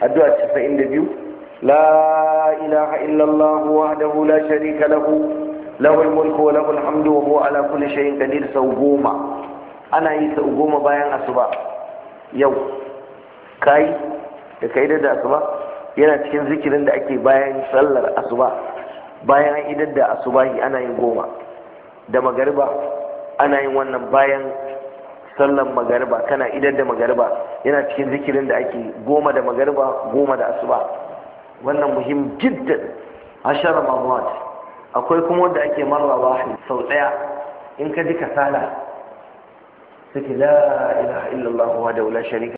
addu'a 92 la ilaha illallah wahdahu la sharika lahu lahul mulku wa lahul hamdu wa huwa ala kulli shay'in qadir sau goma ana yi sau goma bayan asuba yau kai da kai da asuba yana cikin zikirin da ake bayan sallar asuba bayan an idar da asubahi ana yin goma da magariba ana yin wannan bayan sallan magariba kana idan da magariba yana cikin zikirin da ake goma da magariba goma da asuba wannan muhim jidda ashara mamuwat akwai kuma wanda ake marra wahid sau daya in ka ji kasala sai la ilaha illallah wa